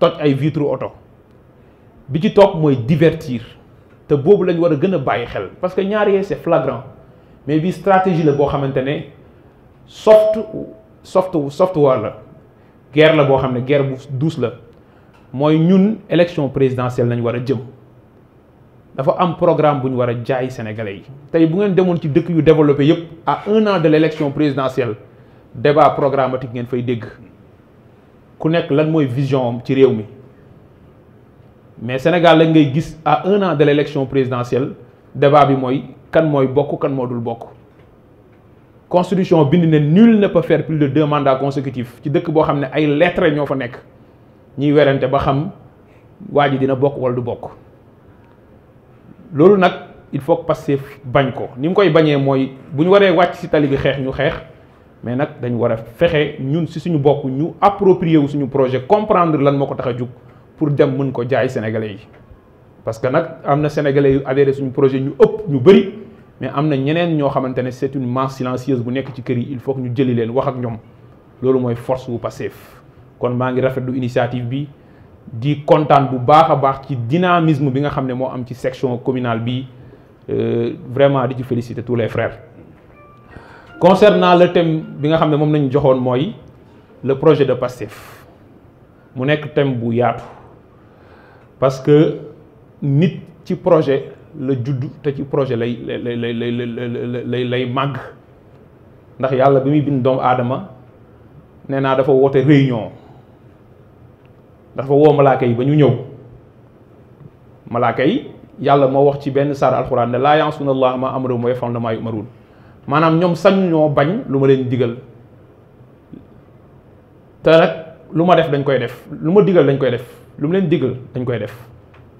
toj ay vitre oto bi ci topp mooy divertir te boobu lañ war a gën a bàyyi xel parce que ñaar yee c'est flagrant mais bi stratégie la boo xamante ne soft soft software la guerre la boo xam ne guerre bu douce la mooy ñun élection présidentielle lañ war a jëm dafa am programme bu ñu war a jaay sénégalais yi tey bu ngeen demoon ci dëkk yu développé yépp a un an de l'élection présidentielle débat programmatique ngeen fay dégg ku nekk lan mooy vision ci réew mi mais Sénégal lañ ngay gis à un de l' élection présidentielle débat bi mooy kan mooy bokk kan moo dul bokk constitution bind ne nul ne peut faire plus de deux mandats ci dëkk boo xam ne ay lettres ñoo fa nekk ñuy werante ba xam waa ji dina bokk wala du bokk loolu nag il faut que bañ ko ni mu koy bañee mooy bu ñu waree wàcc si tali bi xeex ñu xeex mais nag dañu war a fexe ñun si suñu bopp ñu approprier wu suñu projet comprendre lan moo ko tax a jug pour dem mën ko jaay sénégalais yi parce que nag am na sénégalais yu adhéré suñu projet ñu ëpp ñu bëri mais am na ñeneen ñoo xamante ne c'est une masse silencieuse bu nekk ci kër yi il faut que ñu jëli leen wax ak ñoom loolu mooy force bu Pastef kon maa ngi rafet rafetlu initiative bi di kontaan bu baax a baax ci dynamisme bi nga xam ne moo am ci section communale bi euh, vraiment di ci féliciter tous les frères concernant le thème bi nga xam ne moom nañu joxoon mooy le projet de Pastef mu nekk thème bu yaatu parce que nit ci projet la judd te ci projet lay lay lay lay ndax yàlla bi muy bind doomu aadama nee naa dafa woote réunion dafa woo malaaka yi ba ñu ñëw malaaka yi yàlla moo wax ci benn saar alxuraan ne laa yansuuna allaha ma amrahum wa yaf'aluuna maa yu'maruun maanaam ñoom sañ ñoo bañ lu ma leen digal te nag lu ma def dañ koy def lu ma digal dañ koy def lu mu leen digal dañ koy def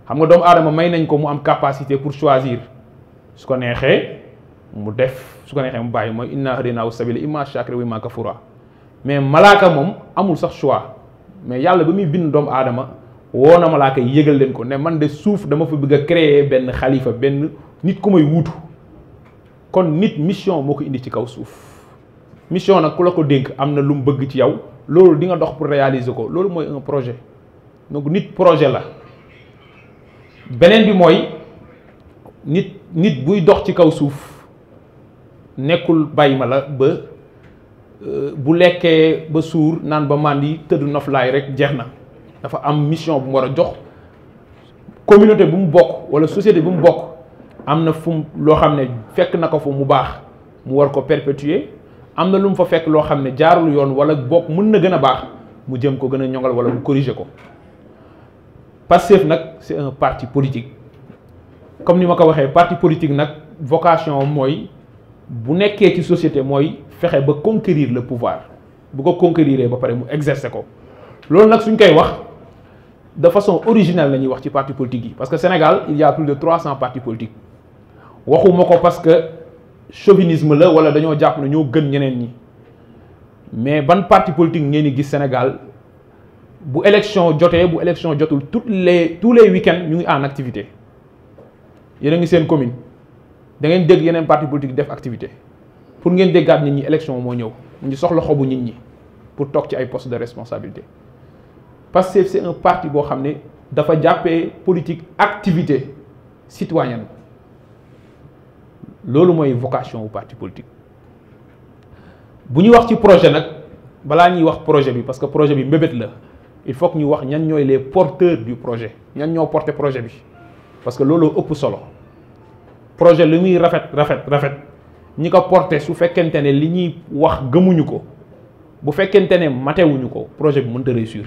xam nga doomu aadama may nañ ko mu am capacité pour choisir su ko neexee mu def su ko neexee mu bàyyi mooy inna hadeynaahu sabila imma shakira maa imma kafura mais malaaka moom amul sax choix mais yàlla ba muy bind doomu aadama woo na malaaka yëgal leen ko ne man de suuf dama fa bëgg a créer benn xalifa benn nit ku may wuutu kon nit mission moo ko indi ci kaw suuf mission nag ku la ko dénk am na lu mu bëgg ci yow loolu di nga dox pour réaliser ko loolu mooy un projet donc nit projet la beneen bi mooy nit nit buy dox ci kaw suuf nekkul bàyyi ma la ba euh, bu lekkee ba suur naan ba màndi tëdd noflaay rek jeex na dafa am mission bu mu war a jox communauté bu mu bokk walla société bu mu bokk am na fu loo xam ne fekk na ko fu mu baax mu war ko perpétuer am na lu mu fa fekk loo xam ne jaarul yoon wala bokk mën na gën a baax mu jëm ko gën a ñoŋal wala mu corriger ko Pastef nag c'est un parti politique comme ni ma ko waxee parti politique nag vocation mooy bu nekkee ci société mooy fexe ba conquérir la pouvoir bu ko conquérir ba pare mu exercer ko loolu nag suñ koy wax de façon originale la ñuy wax ci parti politique yi parce que Sénégal il y a plus de 300 partis waxuma ko parce que chauvinisme la wala dañoo jàpp ne ñoo gën ñeneen ñi mais ban parti politique ngeen di gis Sénégal bu élection jotee bu élection jotul tout les tous les week ñu ngi en activité yéen a ngi seen commune da ngeen dégg yeneen parti politique def activité pour ngeen déggaat nit ñi élection moo ñëw ñu soxla xobu nit ñi pour toog ci ay postes de responsabilité parce que c'est un parti boo xam ne dafa jàppee politique activité citoyenne. loolu mooy vocation wu parti politique bu ñu wax ci projet nag balaa ñuy wax projet bi parce que projet bi mbébét la il faut ñu wax ñan ñooy les porteurs du projet ñan ñoo porter projet bi parce que looloo ëpp solo projet li muy rafet rafet rafet ñi ko porter su fekkente ne li ñuy wax gëmuñu ko bu fekkente ne matewuñu ko projet bi mënta réussir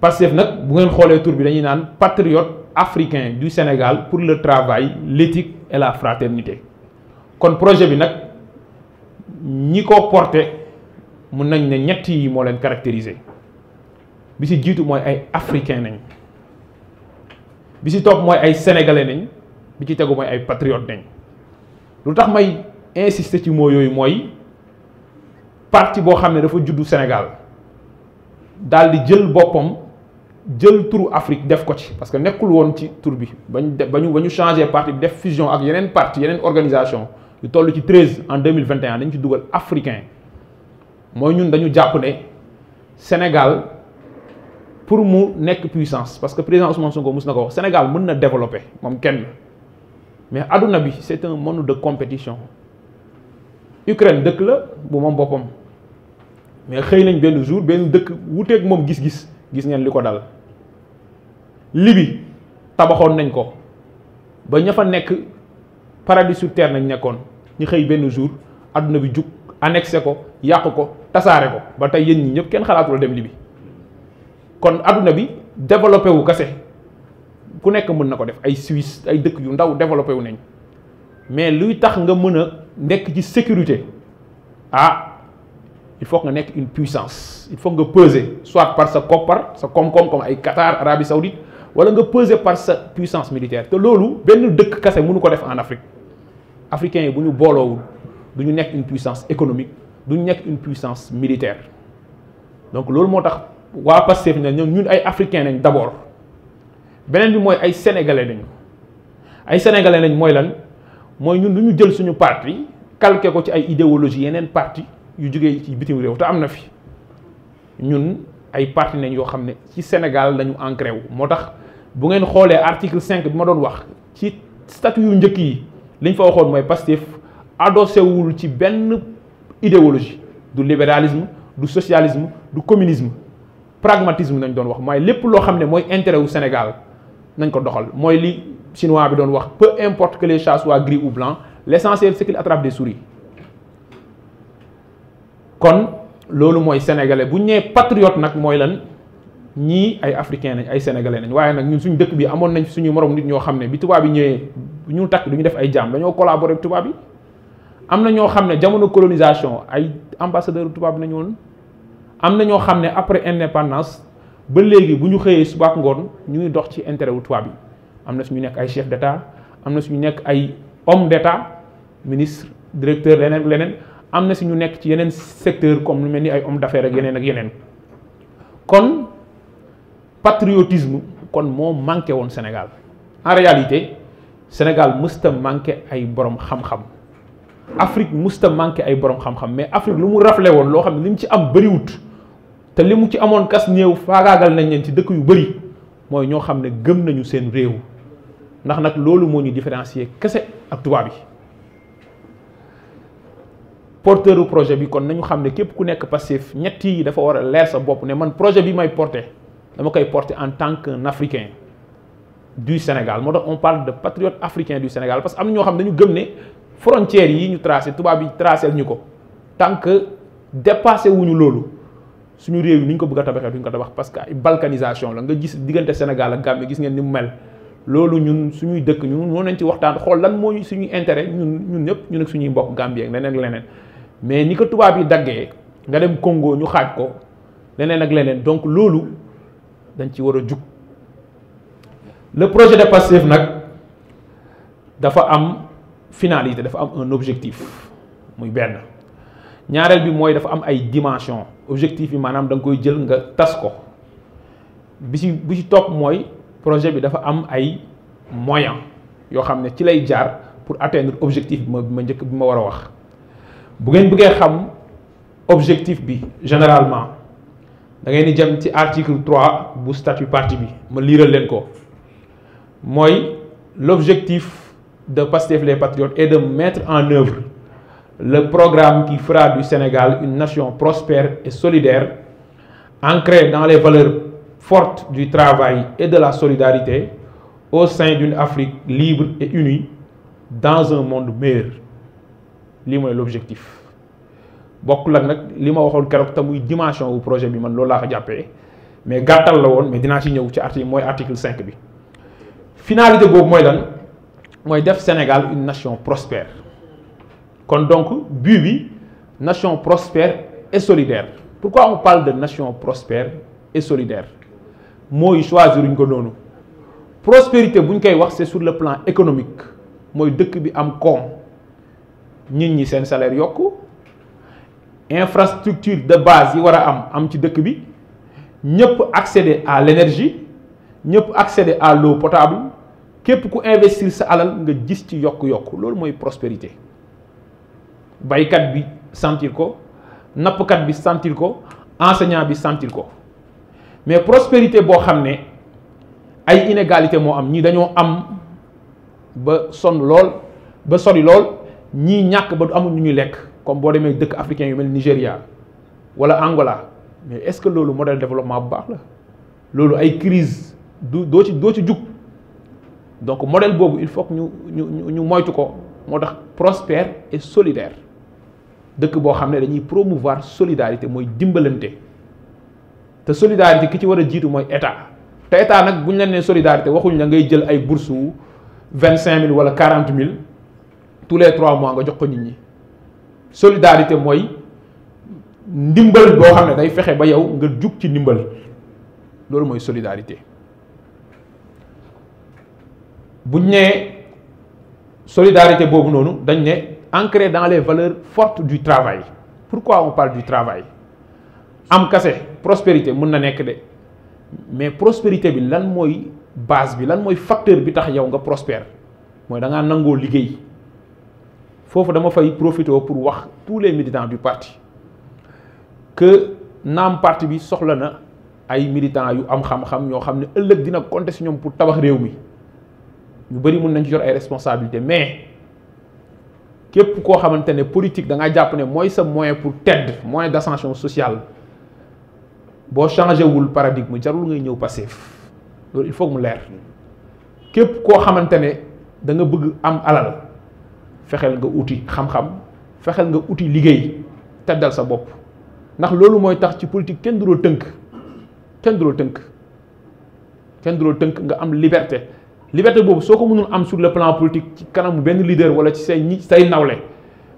Pastef nag bu ngeen xoolee tour bi dañuy naan patriote africain du Sénégal pour le travail l'éthique et la fraternité kon projet bi nag ñi ko porté mun nañ ne ñett yi moo leen caractériser bi si jiitu mooy ay africain nañ bi si toog mooy ay sénégalais nañ bi ci tegu mooy ay patriote nañ lu tax may insister ci moo yooyu mooy parti boo xam ne dafa juddu Sénégal daal di jël boppam jël tour Afrique def ko ci parce que nekkul woon ci tur bi bañ de ba ñu ba ñu changé parti def fusion ak yeneen parti yeneen organisation yu toll ci treize en deux mille vingt et ci dugal africain mooy ñun dañu jàpp ne Sénégal pour mu nekk puissance parce que président Ousmane Sonko mus na ko wax Sénégal mën na développer moom kenn mais àdduna bi c'est un monde de compétition Ukraine dëkk la bu moom boppam mais xëy nañ benn jour benn dëkk wuteek moom gis-gis. gis ngeen li ko dal libi tabaxoon nañ ko ba ña fa nekk paradis sur terre nañ nekkoon ñu xëy benn jour àdduna bi jug annexé ko yàq ko tasaare ko ba tey yéen ñi ñëpp kenn xalaatul dem libi kon adduna bi développé wu kase ku nekk mën na ko def ay Suisse ay dëkk yu ndaw développé wu nañ mais luy tax nga mën a nekk ci sécurité ah il faut nga nekk une puissance il faut nga peser soit par sa koppar sa koom-koom comme ay Qatar Arabie Saoudite wala nga peser par sa puissance militaire te loolu benn dëkk kase munu ko def en Afrique africains yi bu ñu booloowul du ñu nekk une puissance économique du ñu nekk une puissance militaire donc loolu moo tax waa Pastef ne ñoom ñun ay africains nañ d'abord beneen bi mooy ay sénégalais nañu ay sénégalais nañ mooy lan mooy ñun du ñu jël suñu parti calqué ko ci ay idéologie yeneen parti yu jógee ci bitim réew te am na fi ñun ay parti yoo xam ne ci Sénégal lañu ancré wu moo tax bu ngeen xoolee article cinq bi ma doon wax ci statut yu njëkk yi liñ fa waxoon mooy Pastef adossé wul ci benn idéologie du libéralisme du socialisme du communisme pragmatisme nañ doon wax mooy lépp loo xam ne mooy intérêt wu Sénégal nañ ko doxal mooy li chinois bi doon wax peu importe que les chats soient gris ou blancs l'essentiel c'est qu'il attrape des souris kon loolu mooy sénégalais bu ñu nee nag mooy lan ñii ay africain nañ ay sénégalais nañ waaye nag ñun suñu dëkk bi amoon nañ suñu morom nit ñoo xam ne bi tubaab yi ñëwee ñu takk du ñu def ay jaam dañoo collaborer tubaab yi am na ñoo xam ne jamono colonisation ay ambassadeur tubaab nañu woon am na ñoo xam ne après indépendance ba léegi bu ñu xëyee suba ngoon ñu ngi dox ci intérêt wu tubaab yi am na suñu nekk ay chef d' état am na suñu nekk ay homme d' état ministre directeur leneen leneen. am na si ñu nekk ci yeneen secteur comme lu mel ni ay homme d'affaires ak yeneen ak yeneen kon patriotisme kon moo manqué woon Sénégal en réalité Sénégal mësta manqué ay borom xam-xam Afrique mësta manqué ay borom xam-xam mais Afrique lu mu raflé woon loo xam ne li mu ci am bariwut te li mu ci amoon kas néew faagaagal nañ leen ci dëkk yu bëri mooy ñoo xam ne gëm nañu seen réew ndax nag loolu moo ñu différencier kese ak tubaab yi. porteur du projet bi kon nañu xam ne képp ku nekk passif ñett yi dafa war a leer sa bopp ne man projet bi may porté dama koy porté en tant que africain du Sénégal moo tax on parle de patriote africain du Sénégal parce que am ñoo xam ne dañu gëm ne frontières yi ñu tracé tubaab yi tracé ñu ko tant que dépassé wuñu loolu suñu réew yi ni ñu ko bëgg a tabaxee duñ ko tabax parce que ay balkanisation la nga gis diggante Sénégal ak Gambie gis ngeen ni mu mel loolu ñun suñuy dëkk ñun moo nañ ci waxtaan xool lan mooy suñuy intérêt ñun ñun ñëpp ñun ak suñuy mbokk Gambie ak leneen mais ni ko tubaab yi daggee nga dem kongo ñu xaaj ko leneen ak leneen donc loolu dañ ci war a jug le projet de Pastef nag dafa am finalité dafa am un objectif muy benn ñaareel bi mooy dafa am ay dimension objectif bi maanaam da nga koy jël nga tas ko bi ci bi ci topp mooy projet bi dafa am ay moyen yoo xam ne ci lay jaar pour atteindre objectif bi ma bi ma njëkk bi ma war a wax bu ngeen bëggee xam objectif bi généralement da ngeen di jëm ci article 3 bu statut parti bi ma liiral leen ko mooy l'objectif de Pastef les Patriotes et de mettre en œuvre le programme qui fera du Sénégal une nation prospère et solidaire ancrée dans les valeurs forte du travail et de la solidarité au sein d'une Afrique libre et unie dans un monde meilleur lii mooy l'objectif bokk ak nag li ma waxoon keroog te muy dimension wu projet bi man loolu laa ko jàppee mais gàttal la woon mais dinaa ci ñëw ci article mooy article cinq bi finalité boobu mooy lan mooy def Sénégal une nation prospère kon donc but bi nation prospère et solidaire pourquoi on parle de nation prospère et solidaire mooy choisir ñu ko doonu prospérité bu ñu koy wax c'est sur le plan économique mooy dëkk bi am koom nit ñi seen salaire yokk infrastructure de base yi war a am am ci dëkk bi ñëpp accéder à l'énergie ñëpp accéder à l'eau potable képp ku investir sa alal nga gis ci yokk-yokk loolu mooy prospérité baykat bi sentir ko nappkat bi sentir ko enseignant bi sentir ko mais prospérité boo xam ne ay inégalité moo am ñi dañoo am ba sonn lool ba sori lool ñii ñàkk ba du amul ñu ñuy lekk comme boo demee dëkk africain yu mel Nigéria wala Angola mais est-ce que loolu modèle développement bu baax la loolu ay crise du doo ci doo ci jug donc modèle boobu il faut que ñu ñu ñu moytu ko moo tax prospère et solidaire dëkk boo xam ne dañuy promouvoir solidarité mooy dimbalante te solidarité ki ci war a jiitu mooy état te état nag bu ñu leen nee solidarité waxuñ la ngay jël ay bourses vingt cinq mille wala quarante mille tous les trois mois nga jox ko nit ñi solidarité mooy ndimbal boo xam ne day fexe ba yow nga jug ci ndimbal loolu mooy solidarité buñ ne solidarité boobu noonu dañ ne ancré dans les valeurs fortes du travail pourquoi on parle du travail am kase prospérité mun na nekk de mais prospérité bi lan mooy base bi lan mooy facteur bi tax yow nga prospère mooy da ngaa nangoo liggéey foofu dama fay profité pour wax tous les militants du parti que naam parti bi soxla na ay militants yu am xam-xam ñoo xam ne ëllëg dina konte si ñoom pour tabax réew mi ñu bëri mun nañ ci yor ay responsabilités mais képp koo xamante ne politique da nga jàpp ne mooy sa moyen pour tedd moyen d'ascension sociale boo changé wul paradigme jarul ngay ñëw passif loolu il faut mu leer képp koo xamante ne da nga bëgg am alal. fexeel nga uti xam-xam fexeel nga uti liggéey teddal sa bopp ndax loolu mooy tax ci politique kenn du la tënk kenn du la tënk kenn tënk nga am liberté liberté boobu soo ko mënul am sur le plan politique ci kanamu benn leader wala ci say ñi say nawle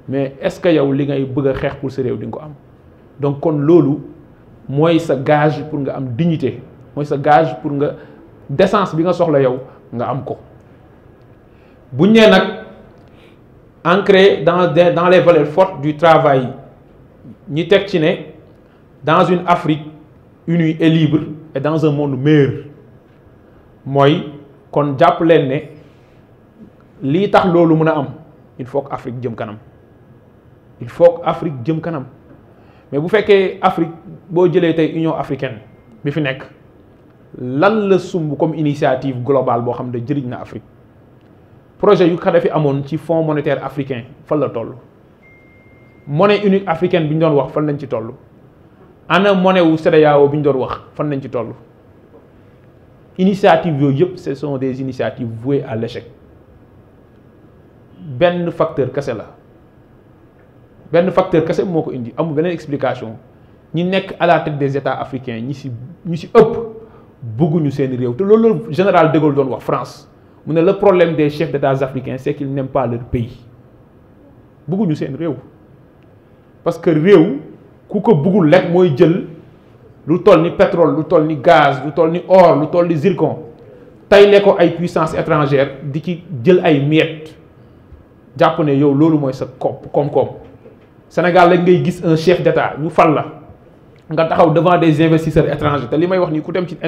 mais est-ce que yow li ngay bëgg xeex pour sa réew di nga ko am donc kon loolu mooy sa gage pour nga am dignité mooy sa gage pour nga décence bi nga soxla yow nga am ko buñ nee nag. ancré dans dans les valeurs fortes du travail ñi teg ci ne dans une Afrique unie et libre et dans un monde meilleur mooy kon jàpp leen ne lii tax loolu mën a am il faut que Afrique jëm kanam il faut que Afrique jëm kanam mais bu fekkee Afrique boo jëlee tey Union africaine bi fi nekk lan la sumb comme initiative globale boo xam ne jëriñ na Afrique. projet yu Kadhafi amoon ci fonds monétaire africain fan la toll monnaie unique africain bi ñu doon wax fan nañ ci toll ana monnaie wu CEDEAO bi ñu doon wax fan lañ ci toll initiative yooyu yëpp ce des initiatives vouées à l'échec benn facteur kese la benn facteur kese moo ko indi amul beneen explication ñi nekk à des états africains ñi si ñi si ëpp bugguñu seeni réew te loolu général de doon wax France mu ne la problème des chefs d'État africains c'est qu'ils n'aiment pas leur pays bëgguñu seen réew parce que réew ku ko bëggul rek mooy jël lu toll ni petrole lu toll ni gaz lu toll ni or lu toll ni zircon tey le ko ay puissance étrangère di ci jël ay miettes jàpp ne yow loolu mooy sa koom-koom Sénégal rek ngay gis un chef d'État ñu fal la nga taxaw devant des investisseurs étrangers te li may wax nii ku dem ci